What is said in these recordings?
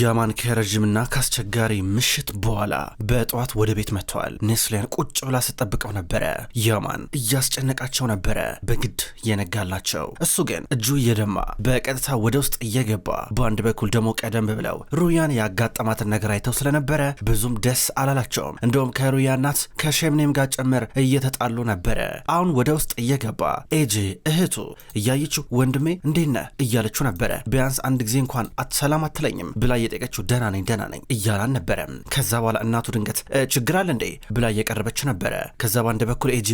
ያማን ከረዥምና ከአስቸጋሪ ምሽት በኋላ በጠዋት ወደ ቤት መጥተዋል። ኔስሊያን ቁጭ ብላ ስጠብቀው ነበረ። ያማን እያስጨነቃቸው ነበረ፣ በግድ የነጋላቸው። እሱ ግን እጁ እየደማ በቀጥታ ወደ ውስጥ እየገባ በአንድ በኩል ደግሞ ቀደም ብለው ሩያን ያጋጠማትን ነገር አይተው ስለነበረ ብዙም ደስ አላላቸውም። እንደውም ከሩያ እናት ከሸምኔም ጋር ጭምር እየተጣሉ ነበረ። አሁን ወደ ውስጥ እየገባ ኤጄ እህቱ እያየችው ወንድሜ እንዴነ እያለችው ነበረ። ቢያንስ አንድ ጊዜ እንኳን አትሰላም አትለኝም ብላ እየጠየቀችው ደህና ነኝ ደህና ነኝ እያላን ነበረ። ከዛ በኋላ እናቱ ድንገት ችግር አለ እንዴ ብላ እየቀረበች ነበረ። ከዛ በአንድ በኩል ኤጄ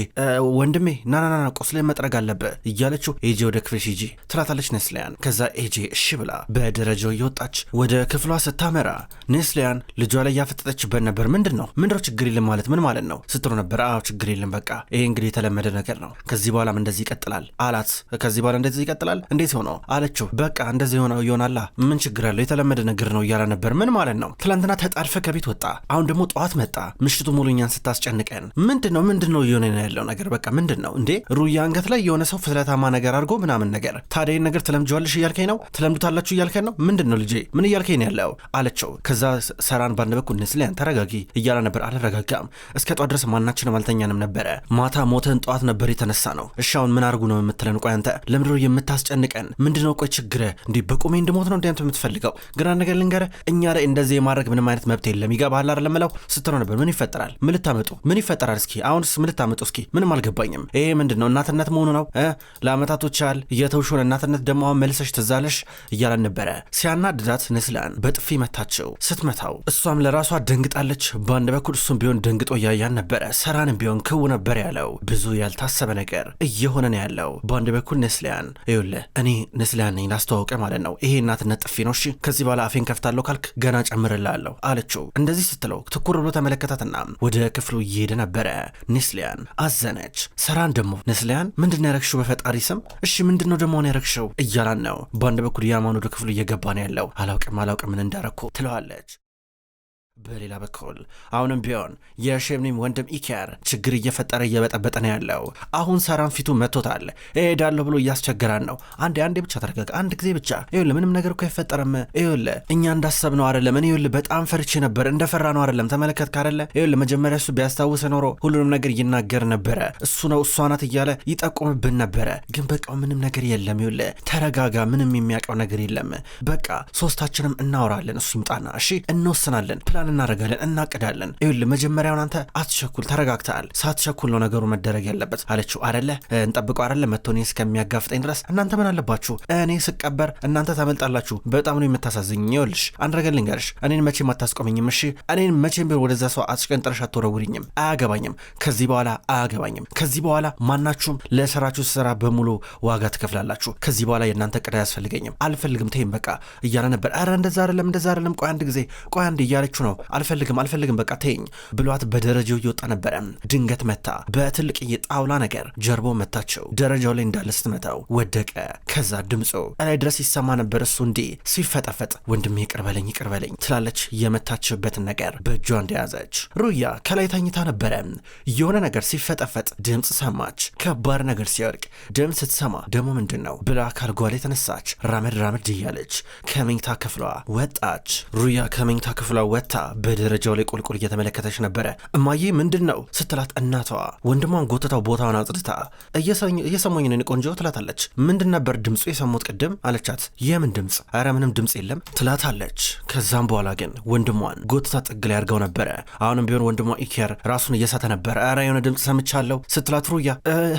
ወንድሜ ናናናና ቆስለ መጥረግ አለብህ እያለችው ኤጄ ወደ ክፍልሽ ሂጂ ትላታለች ኔስሊያን። ከዛ ኤጄ እሺ ብላ በደረጃው እየወጣች ወደ ክፍሏ ስታመራ ኔስሊያን ልጇ ላይ ያፈጠጠችበት ነበር። ምንድን ነው ምንድነው ችግር የለም ማለት ምን ማለት ነው ስትሮ ነበር። አዎ ችግር የለም በቃ ይሄ እንግዲህ የተለመደ ነገር ነው። ከዚህ በኋላም እንደዚህ ይቀጥላል አላት። ከዚህ በኋላ እንደዚህ ይቀጥላል እንዴት ሆኖ አለችው። በቃ እንደዚህ ሆነ ይሆናላ ምን ችግር አለው የተለመደ ነገር ነገር ነው እያለ ነበር። ምን ማለት ነው? ትላንትና ተጣድፈ ከቤት ወጣ፣ አሁን ደግሞ ጠዋት መጣ። ምሽቱ ሙሉ እኛን ስታስጨንቀን ምንድን ነው ምንድን ነው እየሆነ ያለው ነገር? በቃ ምንድን ነው እንዴ? ሩያ አንገት ላይ የሆነ ሰው ፍትለታማ ነገር አድርጎ ምናምን ነገር። ታዲያ ነገር ትለምጅዋለሽ እያልከኝ ነው? ትለምዱታላችሁ እያልከኝ ነው? ምንድን ነው ልጄ? ምን እያልከኝ ነው ያለው አለችው። ከዛ ሰራን ባንድ በኩል ንስሊያን ተረጋጊ እያለ ነበር። አልረጋጋም። እስከ ጠዋት ድረስ ማናችንም አልተኛንም ነበረ። ማታ ሞተን ጠዋት ነበር የተነሳ ነው። እሺ አሁን ምን አርጉ ነው የምትለን? ቆይ አንተ ለምድሮ የምታስጨንቀን ምንድነው? ቆይ ችግረ እንዲህ በቁሜ እንድሞት ነው እንዲያንተ የምትፈልገው? ግን ነገር ልንገረ እኛ ላይ እንደዚህ የማድረግ ምንም አይነት መብት የለም። ይገባሃል አይደለም እለው ስትለው ነበር። ምን ይፈጠራል? ምን ልታመጡ ምን ይፈጠራል? እስኪ አሁንስ ምን ልታመጡ? እስኪ ምንም አልገባኝም። ይሄ ምንድን ነው? እናትነት መሆኑ ነው? ለአመታቶች ያህል እየተውሹን እናትነት ደግሞ አሁን መልሰሽ ትዛለሽ እያለን ነበረ። ሲያናድዳት ነስላን በጥፊ መታቸው። ስትመታው እሷም ለራሷ ደንግጣለች። በአንድ በኩል እሱም ቢሆን ደንግጦ እያያን ነበረ። ሰራንም ቢሆን ክው ነበር ያለው። ብዙ ያልታሰበ ነገር እየሆነ ነው ያለው። በአንድ በኩል ንስሊያን ይኸውልህ፣ እኔ ንስሊያን ነኝ ላስተዋውቀ ማለት ነው። ይሄ እናትነት ጥፊ ነው። እሺ ከዚህ በኋላ አፌን ከፍታለሁ ካልክ ገና ጨምርላለሁ አለችው። እንደዚህ ስትለው ትኩር ብሎ ተመለከታትና ወደ ክፍሉ እየሄደ ነበረ። ኔስሊያን አዘነች። ሰራን ደግሞ ኔስሊያን ምንድነው ነው ያረግሽው? በፈጣሪ ስም እሺ ምንድነው ደሞ ነው ደግሞ ያረግሽው? እያላን ነው። በአንድ በኩል ያማን ወደ ክፍሉ እየገባ ነው ያለው። አላውቅም አላውቅም ምን እንዳረኩ ትለዋለች። በሌላ በኩል አሁንም ቢሆን የሼብኒም ወንድም ኢኬር ችግር እየፈጠረ እየበጠበጠ ነው ያለው። አሁን ሰራን ፊቱ መቶታል። እሄዳለሁ ብሎ እያስቸገራን ነው። አንዴ አንዴ ብቻ ተረጋጋ፣ አንድ ጊዜ ብቻ ይኸውልህ፣ ምንም ነገር እኮ አይፈጠርም። ይኸውልህ እኛ እንዳሰብነው አይደለም። እኔ ይኸውልህ በጣም ፈርቼ ነበር፣ እንደፈራ ነው አይደለም። ተመለከት ካደለ ይኸውልህ መጀመሪያ እሱ ቢያስታውሰ ኖሮ ሁሉንም ነገር ይናገር ነበረ። እሱ ነው እሷ ናት እያለ ይጠቁምብን ነበረ። ግን በቃው ምንም ነገር የለም። ይኸውልህ ተረጋጋ፣ ምንም የሚያውቀው ነገር የለም። በቃ ሶስታችንም እናወራለን፣ እሱ ይምጣና እሺ እንወስናለን ፕላን ፕላን እናደርጋለን፣ እናቅዳለን። ይኸውልህ መጀመሪያውን አንተ አትቸኩል፣ ተረጋግተሃል። ሳትቸኩል ነው ነገሩ መደረግ ያለበት አለችው። አደለ እንጠብቀው አደለ መጥቶ እኔ እስከሚያጋፍጠኝ ድረስ እናንተ ምን አለባችሁ? እኔ ስቀበር እናንተ ታመልጣላችሁ። በጣም ነው የምታሳዝኝ። ይኸውልሽ አንድ ነገር ልንገርሽ፣ እኔን መቼም አታስቆመኝም። እሺ እኔን መቼም ቢሆን ወደዛ ሰው አስቀንጥረሽ አትወረውሪኝም። አያገባኝም፣ ከዚህ በኋላ አያገባኝም። ከዚህ በኋላ ማናችሁም ለሰራችሁ ስራ በሙሉ ዋጋ ትከፍላላችሁ። ከዚህ በኋላ የእናንተ ቅዳ አያስፈልገኝም፣ አልፈልግም፣ ተይም በቃ እያለ ነበር። ኧረ እንደዛ አይደለም፣ እንደዛ አይደለም፣ ቆይ አንድ ጊዜ፣ ቆይ አንድ እያለችው ነው ነው። አልፈልግም አልፈልግም በቃ ተይኝ ብሏት በደረጃው እየወጣ ነበረ። ድንገት መታ በትልቅ የጣውላ ነገር ጀርባው መታቸው። ደረጃው ላይ እንዳለ ስትመታው ወደቀ። ከዛ ድምፁ እላይ ድረስ ይሰማ ነበር። እሱ እንዲህ ሲፈጠፈጥ ወንድሜ ይቅርበለኝ ይቅርበለኝ ትላለች። የመታችበትን ነገር በእጇ እንደያዘች ሩያ ከላይ ተኝታ ነበረ። የሆነ ነገር ሲፈጠፈጥ ድምፅ ሰማች። ከባድ ነገር ሲወድቅ ድምፅ ስትሰማ ደግሞ ምንድን ነው ብላ ካልጓ ላይ ተነሳች። ራመድ ራመድ እያለች ከመኝታ ክፍሏ ወጣች። ሩያ ከመኝታ ክፍሏ ወጣ በደረጃው ላይ ቁልቁል እየተመለከተች ነበረ። እማዬ ምንድን ነው ስትላት እናቷ ወንድሟን ጎትታው ቦታውን አጽድታ እየሰሞኝ ነን ቆንጆ ትላታለች። ምንድን ነበር ድምፁ የሰሙት ቅድም አለቻት። የምን ድምፅ? አረ ምንም ድምፅ የለም ትላታለች። ከዛም በኋላ ግን ወንድሟን ጎትታ ጥግ ላይ አድርገው ነበረ። አሁንም ቢሆን ወንድሟ ኢኬር ራሱን እየሳተ ነበር። አረ የሆነ ድምፅ ሰምቻለሁ ስትላት ሩያ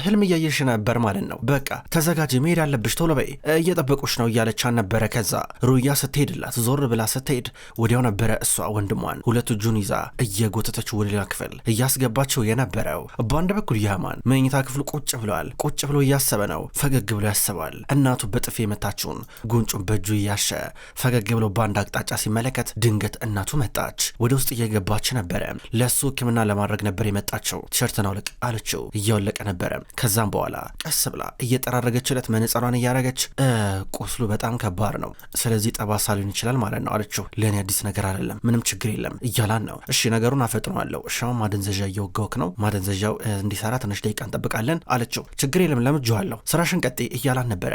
ህልም እያየሽ ነበር ማለት ነው። በቃ ተዘጋጅ፣ መሄድ አለብሽ ቶሎ በይ፣ እየጠበቁሽ ነው እያለቻን ነበረ። ከዛ ሩያ ስትሄድላት ዞር ብላ ስትሄድ ወዲያው ነበረ እሷ ወንድ ወንድሟን ሁለት እጁን ይዛ እየጎተተች ወደ ሌላ ክፍል እያስገባቸው የነበረው። በአንድ በኩል ያማን መኝታ ክፍሉ ቁጭ ብለዋል። ቁጭ ብሎ እያሰበ ነው። ፈገግ ብሎ ያስባል። እናቱ በጥፊ የመታችውን ጉንጩን በእጁ እያሸ ፈገግ ብሎ በአንድ አቅጣጫ ሲመለከት ድንገት እናቱ መጣች። ወደ ውስጥ እየገባች ነበረ። ለእሱ ሕክምና ለማድረግ ነበር የመጣቸው። ቲሸርትን አውልቅ አለችው። እያወለቀ ነበረ። ከዛም በኋላ ቀስ ብላ እየጠራረገችለት መነጸሯን እያረገች ቁስሉ በጣም ከባድ ነው፣ ስለዚህ ጠባሳ ሊሆን ይችላል ማለት ነው አለችው። ለእኔ አዲስ ነገር አይደለም ምንም ችግር ችግር የለም እያላን ነው። እሺ ነገሩን አፈጥነዋለሁ። እሻውን ማደንዘዣ እየወጋውክ ነው። ማደንዘዣው እንዲሰራ ትንሽ ደቂቃ እንጠብቃለን አለችው። ችግር የለም ለምጄዋለሁ፣ ስራሽን ቀጤ እያላን ነበረ።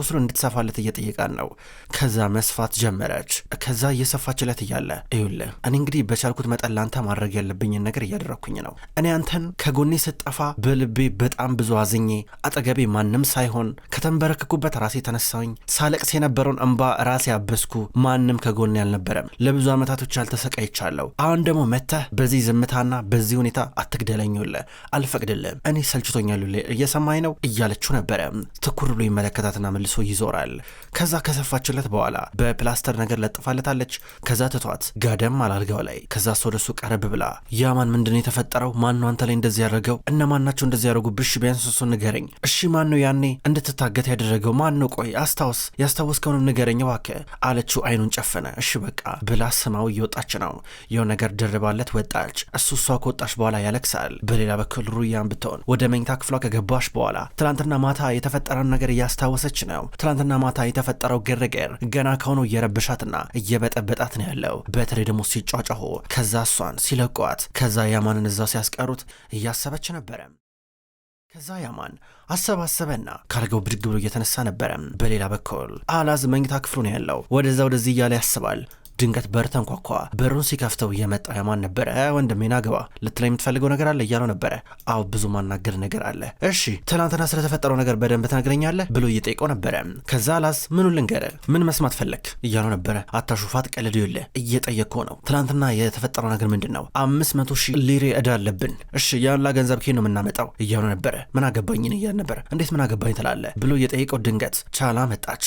ቁስሉ እንድትሰፋለት እየጠየቃን ነው። ከዛ መስፋት ጀመረች። ከዛ እየሰፋችለት እያለ ይኸውልህ እኔ እንግዲህ በቻልኩት መጠን ላንተ ማድረግ ያለብኝን ነገር እያደረግኩኝ ነው። እኔ አንተን ከጎኔ ስጠፋ በልቤ በጣም ብዙ አዝኜ አጠገቤ ማንም ሳይሆን ከተንበረከኩበት ራሴ ተነሳውኝ ሳለቅስ የነበረውን እንባ ራሴ አበስኩ። ማንም ከጎኔ አልነበረም። ለብዙ ዓመታቶች ያልተሰ ተሰቃይቻለሁ። አሁን ደግሞ መተህ በዚህ ዝምታና በዚህ ሁኔታ አትግደለኝለ አልፈቅድልም፣ እኔ ሰልችቶኛል፣ እየሰማኝ ነው እያለችው ነበረ። ትኩር ብሎ ይመለከታትና መልሶ ይዞራል። ከዛ ከሰፋችለት በኋላ በፕላስተር ነገር ለጥፋለታለች። ከዛ ትቷት ጋደም አላልጋው ላይ ከዛ ሰው ወደሱ ቀረብ ብላ ያማን ምንድን ነው የተፈጠረው? ማነው አንተ ላይ እንደዚህ ያደረገው? እነማን ናቸው እንደዚህ ያደረጉ ብሽ? ቢያንስ እሱን ንገረኝ። እሺ ማን ያኔ እንድትታገት ያደረገው? ማን ቆይ አስታውስ፣ ያስታወስከውንም ንገረኝ እባክህ አለችው። አይኑን ጨፈነ። እሺ በቃ ብላ ስማው እየወጣች ነው። የሆነ ነገር ደርባለት ወጣች። እሱ እሷ ከወጣች በኋላ ያለቅሳል። በሌላ በኩል ሩያን ብትሆን ወደ መኝታ ክፍሏ ከገባሽ በኋላ ትናንትና ማታ የተፈጠረን ነገር እያስታወሰች ነው። ትናንትና ማታ የተፈጠረው ግርግር ገና ከሆነው እየረብሻትና እየበጠበጣት ነው ያለው። በተለይ ደግሞ ሲጫጫሁ፣ ከዛ እሷን ሲለቋት፣ ከዛ ያማንን እዛ ሲያስቀሩት እያሰበች ነበረ። ከዛ ያማን አሰባሰበና ካርገው ብድግ ብሎ እየተነሳ ነበረ። በሌላ በኩል አላዝ መኝታ ክፍሉ ነው ያለው። ወደዛ ወደዚህ እያለ ያስባል። ድንገት በር ተንኳኳ። በሩን ሲከፍተው እየመጣ የማን ነበረ? ወንድሜና ግባ ልትለ የምትፈልገው ነገር አለ እያለው ነበረ። አዎ ብዙ ማናገር ነገር አለ። እሺ ትናንትና ስለተፈጠረው ነገር በደንብ ትነግረኛለህ ብሎ እየጠየቀው ነበረ። ከዛ አላዝ ምኑ ልንገረ ምን መስማት ፈለግ እያለው ነበረ። አታሹፋት ቀልድ ይለ እየጠየቅኮ ነው። ትናንትና የተፈጠረው ነገር ምንድን ነው? አምስት መቶ ሺህ ሊሬ እዳ አለብን። እሺ ያንላ ገንዘብ ኬ ነው የምናመጣው እያለው ነበረ። ምን አገባኝን እያል ነበረ። እንዴት ምን አገባኝ ትላለ ብሎ እየጠየቀው ድንገት ቻላ መጣች።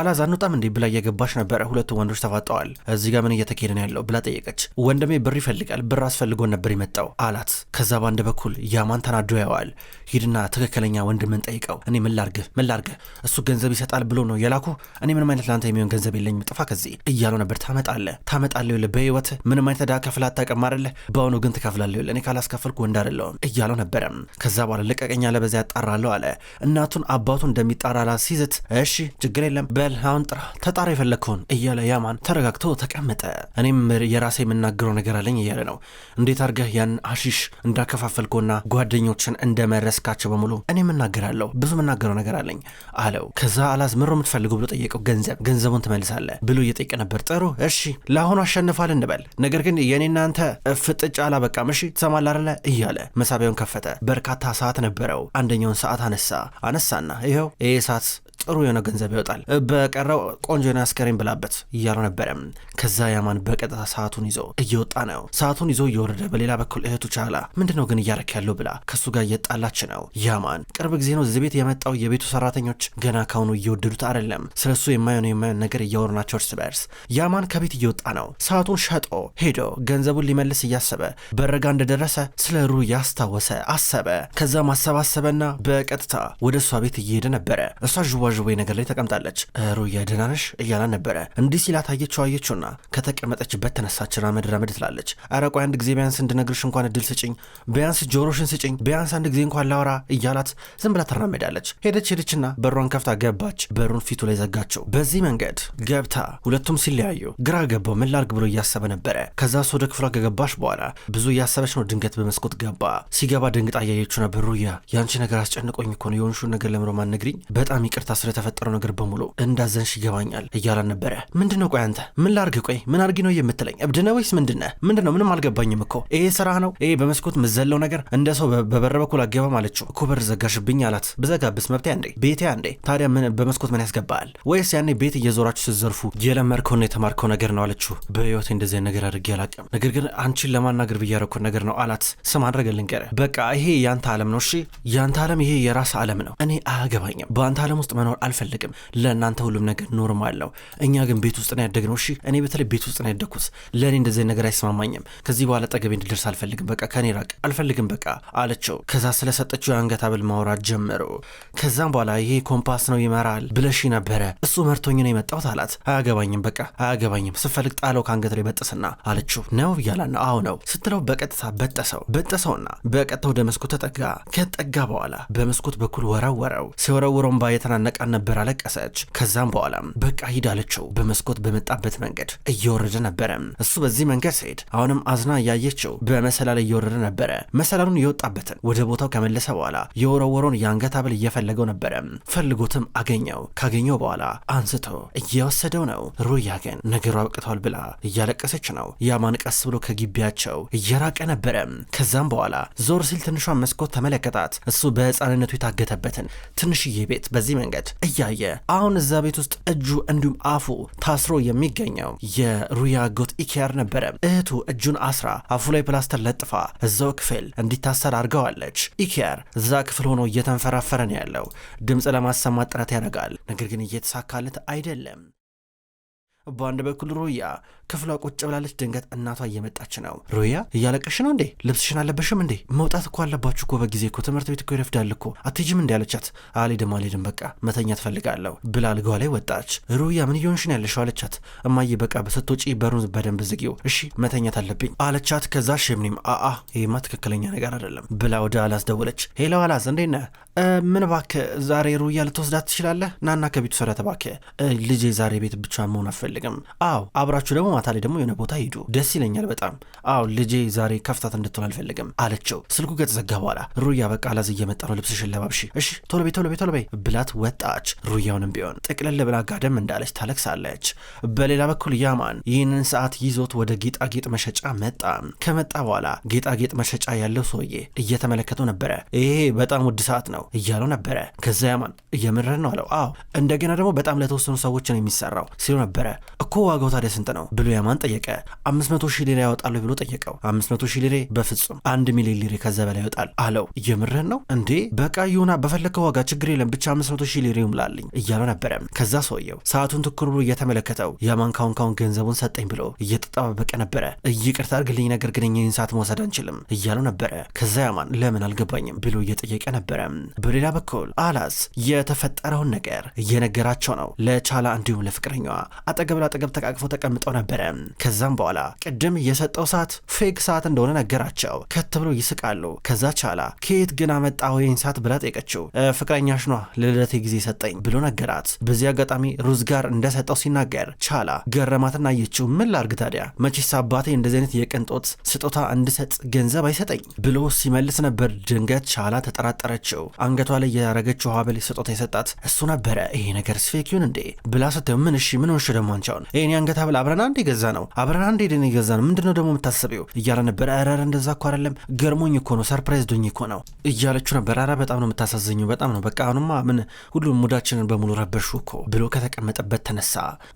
አላዝ አንወጣም እንዴ ብላ እየገባች ነበረ። ሁለቱ ወንዶች ተፋጠዋል። እዚህ ጋር ምን እየተካሄደ ነው ያለው ብላ ጠየቀች። ወንድሜ ብር ይፈልጋል፣ ብር አስፈልጎን ነበር የመጣው አላት። ከዛ በአንድ በኩል ያማን ተናዶ ያዋል። ሂድና ትክክለኛ ወንድምን ጠይቀው። እኔ ምን ላርግህ ምን ላርግህ እሱ ገንዘብ ይሰጣል ብሎ ነው የላኩ። እኔ ምንም አይነት ለአንተ የሚሆን ገንዘብ የለኝም፣ ጥፋ ከዚህ እያለው ነበር። ታመጣለ ታመጣለ ለ በህይወት ምንም አይነት ዕዳ ከፍላ አታውቅም አይደለ? በአሁኑ ግን ትከፍላለህ ለ እኔ ካላስከፈልኩ ወንድ አይደለሁም እያለው ነበረ። ከዛ በኋላ ልቀቀኛ አለ፣ በዚያ ያጣራለሁ አለ። እናቱን አባቱን እንደሚጣራ ሲዝት እሺ ችግር የለም በል አሁን ጥራ ተጣራ የፈለግከውን እያለ ያማን ተረጋግቶ ተቀመጠ። እኔም የራሴ የምናገረው ነገር አለኝ እያለ ነው። እንዴት አድርገህ ያን አሺሽ እንዳከፋፈልከውና ጓደኞችን እንደመረስካቸው በሙሉ እኔ እናገራለሁ፣ ብዙ የምናገረው ነገር አለኝ አለው። ከዛ አላዝ ምሮ የምትፈልገው ብሎ ጠየቀው። ገንዘብ ገንዘቡን ትመልሳለህ ብሎ እየጠየቀ ነበር። ጥሩ እሺ፣ ለአሁኑ አሸንፋል እንበል፣ ነገር ግን የኔና አንተ ፍጥጫ አላበቃም። እሺ ትሰማለህ አይደለ እያለ መሳቢያውን ከፈተ። በርካታ ሰዓት ነበረው። አንደኛውን ሰዓት አነሳ አነሳና ይኸው ይሄ ሰዓት ጥሩ የሆነ ገንዘብ ይወጣል፣ በቀረው ቆንጆና አስከሬን ብላበት እያሉ ነበረ። ከዛ ያማን በቀጥታ ሰዓቱን ይዞ እየወጣ ነው። ሰዓቱን ይዞ እየወረደ፣ በሌላ በኩል እህቱ ቻላ ምንድነው ግን እያረክ ያለው ብላ ከሱ ጋር እየጣላች ነው። ያማን ቅርብ ጊዜ ነው እዚህ ቤት የመጣው። የቤቱ ሰራተኞች ገና ካሁኑ እየወደዱት አይደለም። ስለሱ የማይሆነ የማይሆን ነገር እያወሩ ናቸው እርስ በርስ። ያማን ከቤት እየወጣ ነው። ሰዓቱን ሸጦ ሄዶ ገንዘቡን ሊመልስ እያሰበ በረጋ እንደደረሰ ስለ ሩ ያስታወሰ አሰበ። ከዛ ማሰባሰበና በቀጥታ ወደ እሷ ቤት እየሄደ ነበረ እሷ ዥዌ ነገር ላይ ተቀምጣለች። ሩያ ደህና ነሽ እያላን ነበረ። እንዲህ ሲላት አየችው። አየችውና ከተቀመጠችበት ተነሳች። ራመድ ራመድ ትላለች። ኧረ ቆይ አንድ ጊዜ ቢያንስ እንድነግርሽ እንኳን እድል ስጭኝ፣ ቢያንስ ጆሮሽን ስጭኝ፣ ቢያንስ አንድ ጊዜ እንኳን ላውራ እያላት ዝም ብላ ተራመዳለች። ሄደች ሄደችና በሯን ከፍታ ገባች። በሩን ፊቱ ላይ ዘጋቸው። በዚህ መንገድ ገብታ ሁለቱም ሲለያዩ ግራ ገባው። ምን ላርግ ብሎ እያሰበ ነበረ። ከዛ እሱ ወደ ክፍሏ ከገባች በኋላ ብዙ እያሰበች ነው። ድንገት በመስኮት ገባ። ሲገባ ደንግጣ እያየችው ነበር። ሩያ ያንቺ ነገር አስጨንቆኝ እኮ ነው የሆንሹን ነገር ለምሮ ማነግሪኝ በጣም ይቅርታ ስለተፈጠረው ነገር በሙሉ እንዳዘንሽ ይገባኛል እያላን ነበረ። ምንድን ነው ቆይ አንተ ምን ላርግ? ቆይ ምን አርጊ ነው የምትለኝ? እብድ ነህ ወይስ ምንድን ነህ? ምንድን ነው? ምንም አልገባኝም እኮ ይሄ ስራ ነው ይሄ በመስኮት ምዘለው ነገር እንደ ሰው በበር በኩል አገባ አለችው እኮ በር ዘጋሽብኝ አላት። ብዘጋብስ መብቴ አንዴ ቤቴ አንዴ። ታዲያ ምን በመስኮት ምን ያስገባል? ወይስ ያኔ ቤት እየዞራችሁ ስትዘርፉ የለመርከውና የተማርከው ነገር ነው አለችው። በህይወቴ እንደዚህ ነገር አድርጌ አላቅም፣ ነገር ግን አንቺን ለማናገር ብዬ ነገር ነው አላት። ስም አድረገ ልንገረ በቃ ይሄ ያንተ ዓለም ነው እሺ፣ ያንተ ዓለም ይሄ የራስ ዓለም ነው። እኔ አያገባኝም። በአንተ ዓለም ውስጥ መኖር መኖር አልፈልግም። ለእናንተ ሁሉም ነገር ኖርማል ነው። እኛ ግን ቤት ውስጥ ነው ያደግነው። እሺ እኔ በተለይ ቤት ውስጥ ነው ያደግኩት። ለእኔ እንደዚህ ነገር አይስማማኝም። ከዚህ በኋላ ጠገቤ እንድደርስ አልፈልግም። በቃ ከኔ ራቅ፣ አልፈልግም በቃ አለችው። ከዛ ስለሰጠችው የአንገት ሀብል ማውራት ጀመሩ። ከዛም በኋላ ይሄ ኮምፓስ ነው ይመራል ብለሽ ነበረ፣ እሱ መርቶኝ ነው የመጣሁት አላት። አያገባኝም በቃ አያገባኝም፣ ስፈልግ ጣለው ከአንገት ላይ በጠስና አለችው። ነው እያላ ነው አሁ ነው ስትለው በቀጥታ በጠሰው በጠሰውና በቀጥታ ወደ መስኮት ተጠጋ። ከጠጋ በኋላ በመስኮት በኩል ወረወረው። ሲወረውረውም ባየተናነቀ እያለቀሰን ነበር። አለቀሰች። ከዛም በኋላ በቃ ሂድ አለችው። በመስኮት በመጣበት መንገድ እየወረደ ነበረ። እሱ በዚህ መንገድ ሲሄድ አሁንም አዝና እያየችው በመሰላል እየወረደ ነበረ። መሰላሉን የወጣበትን ወደ ቦታው ከመለሰ በኋላ የወረወረውን የአንገት ሀብል እየፈለገው ነበረ። ፈልጎትም አገኘው። ካገኘው በኋላ አንስቶ እየወሰደው ነው። ሩያ ግን ነገሩ አብቅቷል ብላ እያለቀሰች ነው። ያማን ቀስ ብሎ ከግቢያቸው እየራቀ ነበረ። ከዛም በኋላ ዞር ሲል ትንሿን መስኮት ተመለከታት። እሱ በህፃንነቱ የታገተበትን ትንሽዬ ቤት በዚህ መንገድ ሂደት እያየ አሁን እዛ ቤት ውስጥ እጁ እንዲሁም አፉ ታስሮ የሚገኘው የሩያ ጎት ኢኪያር ነበረ። እህቱ እጁን አስራ አፉ ላይ ፕላስተር ለጥፋ እዛው ክፍል እንዲታሰር አድርገዋለች። ኢኪያር እዛ ክፍል ሆኖ እየተንፈራፈረ ነው ያለው። ድምፅ ለማሰማት ጥረት ያደርጋል፣ ነገር ግን እየተሳካለት አይደለም። በአንድ በኩል ሩያ ክፍሏ ቁጭ ብላለች። ድንገት እናቷ እየመጣች ነው። ሩያ እያለቀሽ ነው እንዴ? ልብስሽን አለበሽም እንዴ? መውጣት እኮ አለባችሁ እኮ በጊዜ እኮ ትምህርት ቤት እኮ ይረፍዳል እኮ አትሄጂም እንዲ አለቻት። አልሄድም አልሄድም በቃ መተኛ ትፈልጋለሁ ብላ አልጋዋ ላይ ወጣች። ሩያ ምን እየሆንሽ ነው ያለሽው አለቻት። እማዬ በቃ ስትወጪ በሩን በደንብ ዝጊው እሺ፣ መተኛት አለብኝ አለቻት። ከዛ ሽምኒም አአ ይህማ ትክክለኛ ነገር አይደለም ብላ ወደ አላዝ ደወለች። ሄሎ አላዝ እንዴት ነህ? ምን እባክህ ዛሬ ሩያ ልትወስዳት ትችላለህ? ናና ከቤቱ ሰዳ ተባክህ ልጄ ዛሬ ቤት ብቻ መሆን አፈልግ አልፈልግም። አዎ አብራችሁ ደግሞ ማታ ላይ ደግሞ የሆነ ቦታ ሂዱ፣ ደስ ይለኛል በጣም አዎ ልጄ ዛሬ ከፍታት እንድትሆን አልፈልግም አለችው። ስልኩ ከተዘጋ በኋላ ሩያ በቃ አላዝ እየመጣ ነው ልብስሽን ለባብሽ፣ እሺ ቶሎ በይ ቶሎ በይ ቶሎ በይ ብላት ወጣች። ሩያውንም ቢሆን ጥቅልል ብላ ጋደም እንዳለች ታለቅሳለች። በሌላ በኩል ያማን ይህንን ሰዓት ይዞት ወደ ጌጣጌጥ መሸጫ መጣ። ከመጣ በኋላ ጌጣጌጥ መሸጫ ያለው ሰውዬ እየተመለከተው ነበረ። ይሄ በጣም ውድ ሰዓት ነው እያለው ነበረ። ከዛ ያማን እየምረን ነው አለው። አዎ እንደገና ደግሞ በጣም ለተወሰኑ ሰዎች ነው የሚሰራው ሲሉ ነበረ። እኮ ዋጋው ታዲያ ስንት ነው ብሎ ያማን ጠየቀ። አምስት መቶ ሺህ ሊራ ያወጣሉ ብሎ ጠየቀው። አምስት መቶ ሺህ ሊሬ በፍጹም አንድ ሚሊዮን ሊሬ ከዛ በላይ ይወጣል አለው። እየምርህን ነው እንዴ? በቃ ይሁና፣ በፈለከው ዋጋ ችግር የለም ብቻ አምስት መቶ ሺህ ሊሬ ይምላልኝ እያለው ነበረ። ከዛ ሰውየው ሰዓቱን ትኩር ብሎ እየተመለከተው ያማን ካሁን ካሁን ገንዘቡን ሰጠኝ ብሎ እየተጠባበቀ ነበረ። ይቅርታ አድርግልኝ፣ ነገር ግን ይህን ሰዓት መውሰድ አንችልም እያለው ነበረ። ከዛ ያማን ለምን አልገባኝም ብሎ እየጠየቀ ነበረ። በሌላ በኩል አላስ የተፈጠረውን ነገር እየነገራቸው ነው ለቻላ እንዲሁም ለፍቅረኛዋ አጠገብ ቴብል አጠገብ ተቃቅፈው ተቀምጠው ነበረ። ከዛም በኋላ ቅድም የሰጠው ሰዓት ፌክ ሰዓት እንደሆነ ነገራቸው። ከት ብለው ይስቃሉ። ከዛ ቻላ ከየት ግን አመጣ ወይን ሰዓት ብላ ጠየቀችው። ፍቅረኛሽ ኗ ለልደቴ ጊዜ ሰጠኝ ብሎ ነገራት። በዚህ አጋጣሚ ሩዝ ጋር እንደሰጠው ሲናገር ቻላ ገረማትና አየችው። ምን ላርግ ታዲያ መቼስ አባቴ እንደዚህ አይነት የቅንጦት ስጦታ እንድሰጥ ገንዘብ አይሰጠኝ ብሎ ሲመልስ ነበር። ድንገት ቻላ ተጠራጠረችው። አንገቷ ላይ ያረገችው ሀብል ስጦታ የሰጣት እሱ ነበረ። ይሄ ነገር ስፌክ ይሁን እንዴ ብላ ስትው ምን እሺ ምን ሆንሽ ደግሞ አንቻውን ይህን አንገት ሀብል አብረን አንድ የገዛ ነው አብረን አንድ ሄደን የገዛ ነው ምንድነው ደግሞ የምታስቢው እያለ ነበር። ረረ እንደዛ እኮ አይደለም ገርሞኝ እኮ ነው ሰርፕራይዝ ዶኝ እኮ ነው እያለችው ነበር። ኧረ በጣም ነው የምታሳዝኘው፣ በጣም ነው በቃ አሁንማ ምን ሁሉም ሙዳችንን በሙሉ ረበሹ እኮ ብሎ ከተቀመጠበት ተነሳ።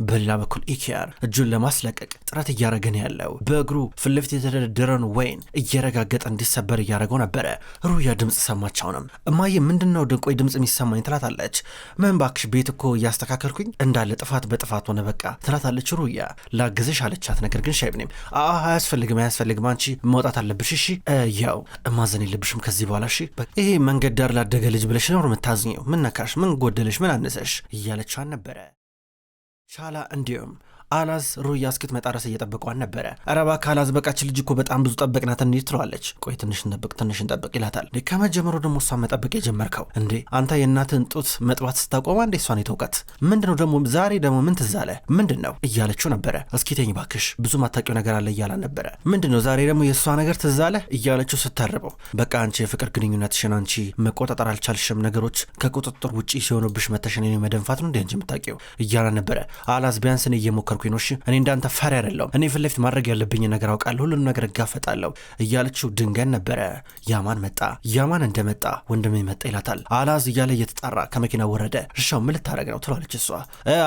በሌላ በኩል ኢኪያር እጁን ለማስለቀቅ ጥረት እያደረገን ያለው። በእግሩ ፊት ለፊት ወይን እየረጋገጠ እንዲሰበር እያደረገው ነበረ። ሩያ ድምፅ ሰማቸውንም እማዬ ምንድነው ድንቆይ ድምፅ የሚሰማኝ ትላታለች። ምን ባክሽ ቤት እኮ እያስተካከልኩኝ እንዳለ ጥፋት በጥፋት ሆነ በቃ ትላታለች ሩያ። ላግዝሽ አለቻት። ነገር ግን ሻይብኔም አያስፈልግም አያስፈልግም፣ አንቺ መውጣት አለብሽ እሺ፣ ያው እማዘን የለብሽም ከዚህ በኋላ እሺ። ይሄ መንገድ ዳር ላደገ ልጅ ብለሽ ነው የምታዝኘው? ምን ነካሽ? ምን ጎደለሽ? ምን አነሰሽ? እያለችዋን ነበረ ቻላ እንዲሁም አላዝ ሩያ እስክትመጣ ድረስ እየጠበቀዋን ነበረ። አረባ ካላዝ በቃች ልጅ እኮ በጣም ብዙ ጠበቅናት እንሂድ ትለዋለች። ቆይ ትንሽ እንጠብቅ ትንሽ እንጠብቅ ይላታል። እንዴ ከመጀመሩ ደግሞ እሷን መጠበቅ የጀመርከው እንዴ? አንተ የእናትን ጡት መጥባት ስታቆማ እንዴ እሷን የተውቀት ምንድነው ደግሞ ዛሬ ደግሞ ምን ትዛለ ምንድን ነው እያለችው ነበረ። እስኪተኝ ባክሽ ብዙ ማታቂው ነገር አለ እያላን ነበረ። ምንድን ነው ዛሬ ደግሞ የእሷ ነገር ትዛለ እያለችው ስታርበው፣ በቃ አንቺ የፍቅር ግንኙነትሽን አንቺ መቆጣጠር አልቻልሽም፣ ነገሮች ከቁጥጥር ውጭ ሲሆኑብሽ መተሽን መደንፋት ነው እንዲ አንቺ የምታውቂው እያላን ነበረ። አላዝ ቢያንስ እኔ አልኩኝ ነው። እሺ እኔ እንዳንተ ፈሪ አይደለሁም። እኔ ፊት ለፊት ማድረግ ያለብኝ ነገር አውቃለሁ፣ ሁሉንም ነገር እጋፈጣለሁ እያለችው ድንገን ነበረ ያማን መጣ። ያማን እንደመጣ ወንድሜ መጣ ይላታል። አላዝ እያለ እየተጣራ ከመኪና ወረደ። እርሻው ምን ልታደረግ ነው ትሏለች እሷ።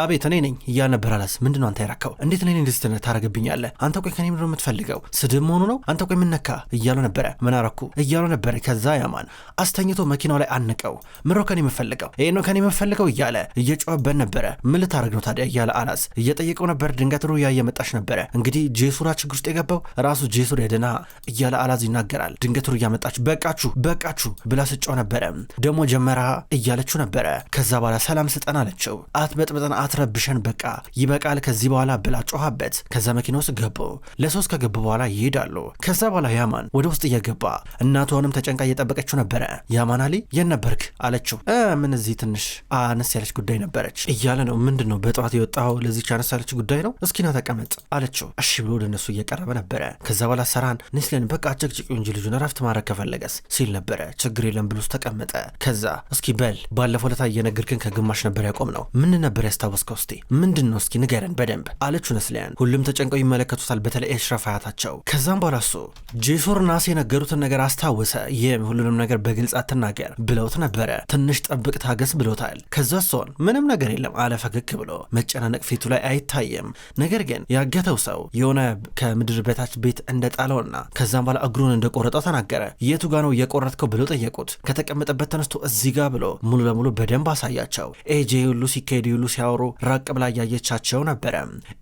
አቤት እኔ ነኝ እያለ ነበር አላዝ። ምንድነው አንተ የራካው? እንዴት እኔ እንደዚህ ታደረግብኛለህ? አንተ ቆይ ከኔ ምንድነው የምትፈልገው? ስድብ መሆኑ ነው? አንተ ቆይ ምነካ እያሉ ነበረ። ምን አረኩ እያሉ ነበረ። ከዛ ያማን አስተኝቶ መኪናው ላይ አንቀው ምሮ ከኔ የምፈልገው ይህ ነው ከኔ የምፈልገው እያለ እየጮኸበት ነበረ። ምን ልታደረግ ነው ታዲያ እያለ አላዝ እየጠየቀው ነበር ነበር። ድንገት ሩያ እየመጣች ነበረ። እንግዲህ ጄሱራ ችግር ውስጥ የገባው ራሱ ጄሱር የደና እያለ አላዝ ይናገራል። ድንገት ሩያ መጣች። በቃችሁ በቃችሁ ብላ ስጫው ነበረ። ደግሞ ጀመራ እያለችው ነበረ። ከዛ በኋላ ሰላም ስጠን አለችው። አትበጥብጠን፣ አትረብሸን፣ በቃ ይበቃል ከዚህ በኋላ ብላ ጮኋበት። ከዛ መኪና ውስጥ ገቡ። ለሶስት ከገቡ በኋላ ይሄዳሉ። ከዛ በኋላ ያማን ወደ ውስጥ እየገባ እናቷንም ተጨንቃ እየጠበቀችው ነበረ። ያማን አሊ የት ነበርክ አለችው። ምን እዚህ ትንሽ አነስ ያለች ጉዳይ ነበረች እያለ ነው። ምንድን ነው በጠዋት የወጣው ለዚች አነስ ያለች ጉዳይ ጉዳይ ነው፣ እስኪና ተቀመጥ አለችው። እሺ ብሎ ወደ እነሱ እየቀረበ ነበረ። ከዛ በኋላ ሰራን ኔስሌን በቃ ጭቅጭቂው እንጂ ልጁን ረፍት ማድረግ ከፈለገስ ሲል ነበረ። ችግር የለም ብሎስ ተቀመጠ። ከዛ እስኪ በል ባለፈው ለታ እየነገርከን ከግማሽ ነበር ያቆም ነው። ምን ነበር ያስታወስከው? እስቲ ምንድን ነው እስኪ ንገረን በደንብ አለችው ኔስሌን። ሁሉም ተጨንቀው ይመለከቱታል፣ በተለይ ኤሽረፍ አያታቸው። ከዛም በኋላ እሱ ጄሶር ናስ የነገሩትን ነገር አስታወሰ። ይህም ሁሉንም ነገር በግልጽ አትናገር ብለውት ነበረ። ትንሽ ጠብቅ ታገስ ብሎታል። ከዛ እሷን ምንም ነገር የለም አለ ፈገግ ብሎ። መጨናነቅ ፊቱ ላይ አይታይም። አልታየም። ነገር ግን ያገተው ሰው የሆነ ከምድር በታች ቤት እንደጣለውና ከዛም በኋላ እግሩን እንደቆረጠው ተናገረ። የቱ ጋ ነው የቆረጥከው ብሎ ጠየቁት። ከተቀመጠበት ተነስቶ እዚህ ጋ ብሎ ሙሉ ለሙሉ በደንብ አሳያቸው። ኤጄ ሁሉ ሲካሄድ ሁሉ ሲያወሩ ራቅ ብላ እያየቻቸው ነበረ።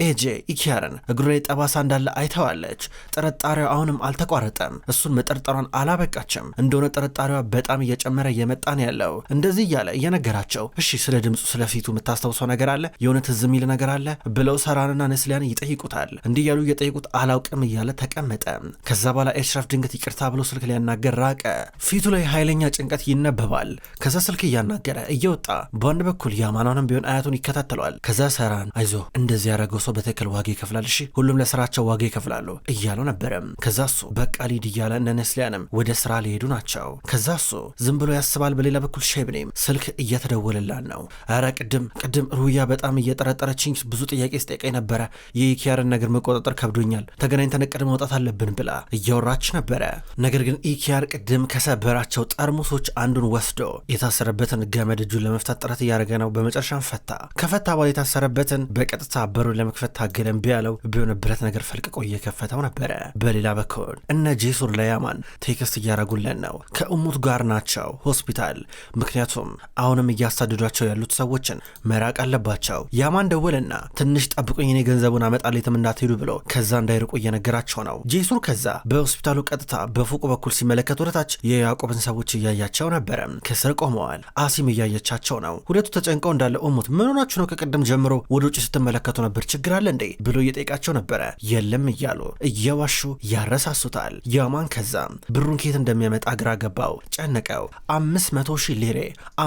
ኤጄ ኢኪያርን እግሩ ላይ ጠባሳ እንዳለ አይተዋለች። ጥርጣሬዋ አሁንም አልተቋረጠም። እሱን መጠርጠሯን አላበቃችም እንደሆነ ጥርጣሬዋ በጣም እየጨመረ እየመጣ ነው ያለው። እንደዚህ እያለ እየነገራቸው እሺ፣ ስለ ድምፁ ስለፊቱ የምታስታውሰው ነገር አለ የሆነ ዝም ይል ነገር አለ ብለው ሳራንና ነስሊያን ይጠይቁታል። እንዲህ እያሉ እየጠይቁት አላውቅም እያለ ተቀመጠ። ከዛ በኋላ ኤሽራፍ ድንገት ይቅርታ ብሎ ስልክ ሊያናገር ራቀ። ፊቱ ላይ ኃይለኛ ጭንቀት ይነበባል። ከዛ ስልክ እያናገረ እየወጣ በአንድ በኩል ያማኗንም ቢሆን አያቱን ይከታተሏል። ከዛ ሰራን አይዞ እንደዚህ ያደረገው ሰው በትክክል ዋጋ ይከፍላል፣ እሺ ሁሉም ለስራቸው ዋጋ ይከፍላሉ እያለው ነበረ። ከዛ እሱ በቃ ሊድ እያለ እነ ነስሊያንም ወደ ስራ ሊሄዱ ናቸው። ከዛ እሱ ዝም ብሎ ያስባል። በሌላ በኩል ሸብኔም ስልክ እየተደወለላን ነው። ኧረ ቅድም ቅድም ሩያ በጣም እየጠረጠረችኝ ብዙ ጥያቄ እየጠየቀኝ ነበረ። የኢኪያርን ነገር መቆጣጠር ከብዶኛል፣ ተገናኝተን እቅድ መውጣት አለብን ብላ እያወራች ነበረ። ነገር ግን ኢኪያር ቅድም ከሰበራቸው ጠርሙሶች አንዱን ወስዶ የታሰረበትን ገመድ እጁን ለመፍታት ጥረት እያደረገ ነው። በመጨረሻም ፈታ። ከፈታ በኋላ የታሰረበትን በቀጥታ በሩን ለመክፈት ታገለን ቢያለው ቢሆን ብረት ነገር ፈልቅቆ እየከፈተው ነበረ። በሌላ በኩል እነ ጄሱር ለያማን ቴክስት እያደረጉለን ነው። ከእሙት ጋር ናቸው ሆስፒታል። ምክንያቱም አሁንም እያሳደዷቸው ያሉት ሰዎችን መራቅ አለባቸው። ያማን ደወልና ትንሽ ጠብቁኝ እኔ ገንዘቡን አመጣለትም እንዳትሄዱ ብለው ከዛ እንዳይርቁ እየነገራቸው ነው። ጄሱር ከዛ በሆስፒታሉ ቀጥታ በፎቁ በኩል ሲመለከት ወደታች የያዕቆብን ሰዎች እያያቸው ነበረ። ከስር ቆመዋል። አሲም እያየቻቸው ነው። ሁለቱ ተጨንቀው እንዳለ ኦሞት ምን ሆናችሁ ነው? ከቅድም ጀምሮ ወደ ውጭ ስትመለከቱ ነበር፣ ችግር አለ እንዴ ብሎ እየጠየቃቸው ነበረ። የለም እያሉ እየዋሹ ያረሳሱታል። ያማን ከዛ ብሩን ኬት እንደሚያመጣ ግራ ገባው፣ ጨነቀው። አምስት መቶ ሺህ ሊሬ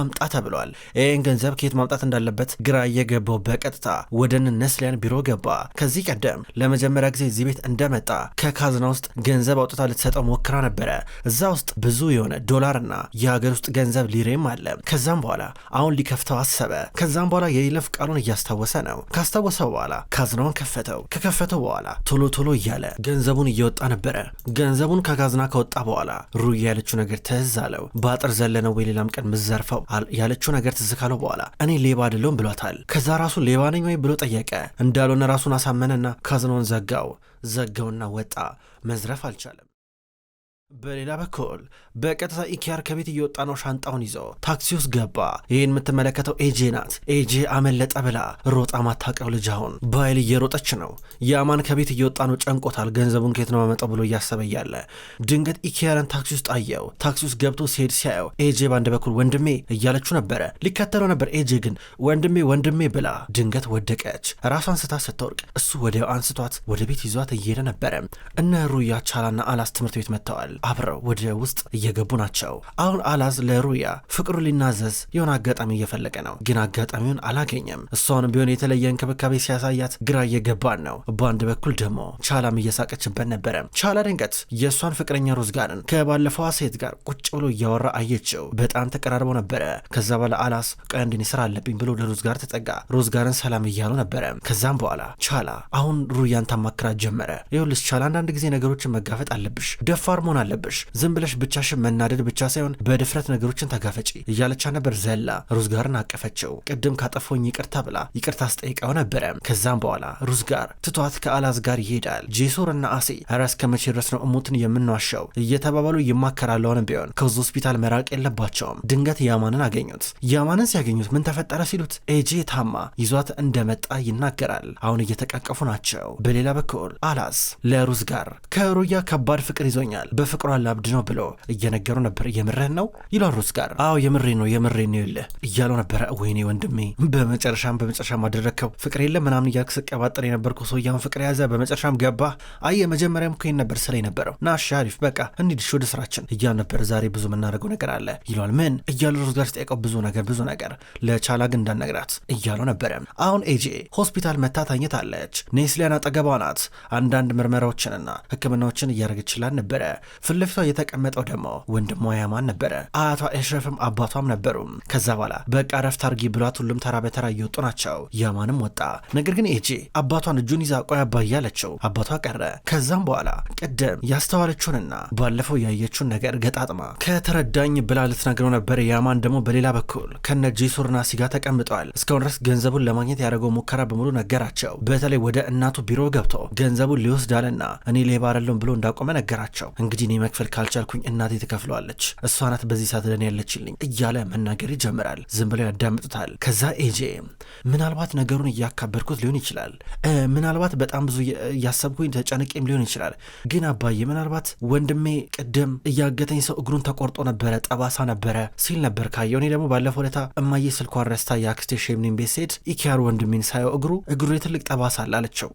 አምጣ ተብሏል። ይህን ገንዘብ ኬት ማምጣት እንዳለበት ግራ እየገባው በቀጥታ ወደን ክርስቲያን ቢሮ ገባ። ከዚህ ቀደም ለመጀመሪያ ጊዜ እዚህ ቤት እንደመጣ ከካዝና ውስጥ ገንዘብ አውጥታ ልትሰጠው ሞክራ ነበረ። እዛ ውስጥ ብዙ የሆነ ዶላርና የሀገር ውስጥ ገንዘብ ሊሬም አለ። ከዛም በኋላ አሁን ሊከፍተው አሰበ። ከዛም በኋላ የይለፍ ቃሉን እያስታወሰ ነው። ካስታወሰው በኋላ ካዝናውን ከፈተው። ከከፈተው በኋላ ቶሎ ቶሎ እያለ ገንዘቡን እየወጣ ነበረ። ገንዘቡን ከካዝና ከወጣ በኋላ ሩያ ያለችው ነገር ትዝ አለው። በአጥር ዘለነው ወይ ሌላም ቀን ምዘርፈው ያለችው ነገር ትዝ ካለው በኋላ እኔ ሌባ አይደለሁም ብሏታል። ከዛ ራሱ ሌባ ነኝ ወይ ብሎ ጠየቀ። እንዳልሆነ ራሱን አሳመነና ካዝናውን ዘጋው ዘጋውና ወጣ። መዝረፍ አልቻለም። በሌላ በኩል በቀጥታ ኢኪያር ከቤት እየወጣ ነው ሻንጣውን ይዞ ታክሲ ውስጥ ገባ። ይህን የምትመለከተው ኤጄ ናት። ኤጄ አመለጠ ብላ ሮጣ ማታቀው ልጅ አሁን በኃይል እየሮጠች ነው። የአማን ከቤት እየወጣ ነው፣ ጨንቆታል። ገንዘቡን ከየት ነው ማመጣው ብሎ እያሰበ እያለ ድንገት ኢኪያርን ታክሲ ውስጥ አየው። ታክሲ ውስጥ ገብቶ ሲሄድ ሲያየው ኤጄ በአንድ በኩል ወንድሜ እያለችው ነበረ። ሊከተለው ነበር። ኤጄ ግን ወንድሜ ወንድሜ ብላ ድንገት ወደቀች። ራሷን ስታ ስትወርቅ እሱ ወዲያው አንስቷት ወደ ቤት ይዟት እየሄደ ነበረ። እነ ሩያ ቻላና አላስ ትምህርት ቤት መጥተዋል። አብረው ወደ ውስጥ እየገቡ ናቸው። አሁን አላዝ ለሩያ ፍቅሩ ሊናዘዝ የሆነ አጋጣሚ እየፈለገ ነው፣ ግን አጋጣሚውን አላገኘም። እሷን ቢሆን የተለየ እንክብካቤ ሲያሳያት ግራ እየገባን ነው። በአንድ በኩል ደግሞ ቻላም እየሳቀችበት ነበረ። ቻላ ድንገት የእሷን ፍቅረኛ ሩዝ ጋርን ከባለፈዋ ሴት ጋር ቁጭ ብሎ እያወራ አየችው። በጣም ተቀራርበው ነበረ። ከዛ በኋላ አላስ ቀንድን ስራ አለብኝ ብሎ ለሩዝ ጋር ተጠጋ። ሩዝ ጋርን ሰላም እያሉ ነበረ። ከዛም በኋላ ቻላ አሁን ሩያን ታማክራት ጀመረ። ይኸውልሽ ቻላ፣ አንዳንድ ጊዜ ነገሮችን መጋፈጥ አለብሽ፣ ደፋር መሆን አለብሽ። ዝም ብለሽ ብቻሽ መናደድ ብቻ ሳይሆን በድፍረት ነገሮችን ተጋፈጪ እያለቻ ነበር። ዘላ ሩዝ ጋርን አቀፈችው። ቅድም ካጠፎኝ ይቅርታ ብላ ይቅርታ አስጠይቀው ነበረ። ከዛም በኋላ ሩዝ ጋር ትቷት ከአላዝ ጋር ይሄዳል። ጄሶር እና አሴ ኧረ እስከ መቼ ድረስ ነው እሙትን የምንዋሻው እየተባባሉ ይማከራለውን ቢሆን ከዙ ሆስፒታል መራቅ የለባቸውም። ድንገት ያማንን አገኙት። ያማንን ሲያገኙት ምን ተፈጠረ ሲሉት ኤጄ ታማ ይዟት እንደመጣ ይናገራል። አሁን እየተቃቀፉ ናቸው። በሌላ በኩል አላዝ ለሩዝ ጋር ከሩያ ከባድ ፍቅር ይዞኛል በፍቅሯ ላብድ ነው ብሎ እየነገሩ ነበር። የምርህን ነው ይሏል ሩት ጋር። አዎ የምሬ ነው የምሬ ነው የለ እያለው ነበረ። ወይኔ ወንድሜ በመጨረሻም በመጨረሻ አደረግከው ፍቅር የለ ምናምን እያልክ ስቀባጠር የነበርከው እያሁን ፍቅር የያዘ በመጨረሻም ገባ። አየ መጀመሪያም ኮይን ነበር ስለ ነበረው ና ሻሪፍ በቃ እንሂድሽ ወደ ስራችን እያል ነበር። ዛሬ ብዙ የምናደርገው ነገር አለ ይሏል። ምን እያሉ ሩስ ጋር ስጠይቀው ብዙ ነገር ብዙ ነገር ለቻላ ግን እንዳነግራት እያለው ነበረ። አሁን ኤጄ ሆስፒታል መታ አለች። ኔስሊያን አጠገቧ ናት። አንዳንድ ምርመራዎችንና ህክምናዎችን እያደረገችላን ነበረ። ፊት ለፊቷ የተቀመጠው ደግሞ ወንድሟ ያማን ነበረ። አያቷ እሽረፍም አባቷም ነበሩ። ከዛ በኋላ በቃ ረፍት አርጊ ብሏት ሁሉም ተራ በተራ እየወጡ ናቸው። ያማንም ወጣ። ነገር ግን ኤጂ አባቷን እጁን ይዛ ቆይ አባዬ አለችው። አባቷ ቀረ። ከዛም በኋላ ቅድም ያስተዋለችውንና ባለፈው ያየችውን ነገር ገጣጥማ ከተረዳኝ ብላ ልትነግረው ነበር። ያማን ደግሞ በሌላ በኩል ከነ ጄሱርና ሲጋ ተቀምጠዋል። እስካሁን ድረስ ገንዘቡን ለማግኘት ያደረገው ሙከራ በሙሉ ነገራቸው። በተለይ ወደ እናቱ ቢሮ ገብቶ ገንዘቡን ሊወስዳልና እኔ ሌባ አይደለሁም ብሎ እንዳቆመ ነገራቸው። እንግዲህ እኔ መክፈል ካልቻልኩኝ እናቴ ትከፍለዋለች። እሷ ናት በዚህ ሰዓት ለኔ ያለችልኝ እያለ መናገር ይጀምራል። ዝም ብለው ያዳምጡታል። ከዛ ኤጄ ምናልባት ነገሩን እያካበድኩት ሊሆን ይችላል፣ ምናልባት በጣም ብዙ እያሰብኩኝ ተጨንቄም ሊሆን ይችላል። ግን አባዬ ምናልባት ወንድሜ ቅድም እያገተኝ ሰው እግሩን ተቆርጦ ነበረ ጠባሳ ነበረ ሲል ነበር ካየው። እኔ ደግሞ ባለፈው ዕለታ እማዬ ስልኳን ረስታ የአክስቴ ሼምኒን ቤት ስሄድ ኢኪያር ወንድሜን ሳየው እግሩ እግሩ የትልቅ ጠባሳ አለ አለችው።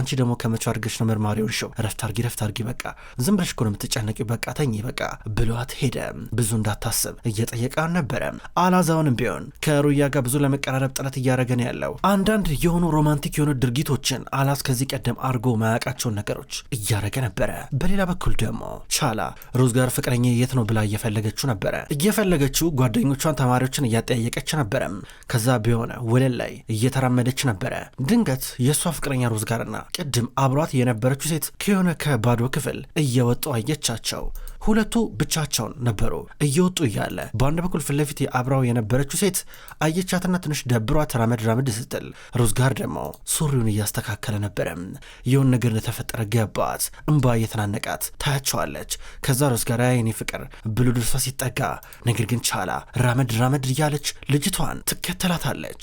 አንቺ ደግሞ ከመቼው አድርገሽ ነው መርማሪውን ሽው ረፍት አርጊ ረፍት አርጊ በቃ ዝም ብለሽ እኮ ነው የምትጨነቂው። በቃ ተኝ በቃ ብሏት ሄደ። ብዙ እንዳታስብ እየጠየቃን ነበረ። አላዛውንም ቢሆን ከሩያ ጋር ብዙ ለመቀራረብ ጥረት እያደረገ ነው ያለው። አንዳንድ የሆኑ ሮማንቲክ የሆኑ ድርጊቶችን አላዝ ከዚህ ቀደም አድርጎ ማያውቃቸውን ነገሮች እያደረገ ነበረ። በሌላ በኩል ደግሞ ቻላ ሩዝ ጋር ፍቅረኛ የት ነው ብላ እየፈለገችው ነበረ። እየፈለገችው ጓደኞቿን ተማሪዎችን እያጠያየቀች ነበረ። ከዛ ቢሆነ ወለል ላይ እየተራመደች ነበረ። ድንገት የእሷ ፍቅረኛ ሩዝ ጋርና ቅድም አብሯት የነበረችው ሴት ከሆነ ከባዶ ክፍል እየወጡ አየቻቸው። ሁለቱ ብቻቸውን ነበሩ። እየወጡ እያለ በአንድ በኩል ፊት ለፊት አብራው የነበረችው ሴት አየቻትና ትንሽ ደብሯት ራመድ ራመድ ስትል፣ ሮዝ ጋር ደግሞ ሱሪውን እያስተካከለ ነበረ። የሆነ ነገር እንደተፈጠረ ገባት። እንባ እየተናነቃት ታያቸዋለች። ከዛ ሮዝ ጋር የኔ ፍቅር ብሎ ድርሷ ሲጠጋ ነገር ግን ቻላ ራመድ ራመድ እያለች ልጅቷን ትከተላታለች።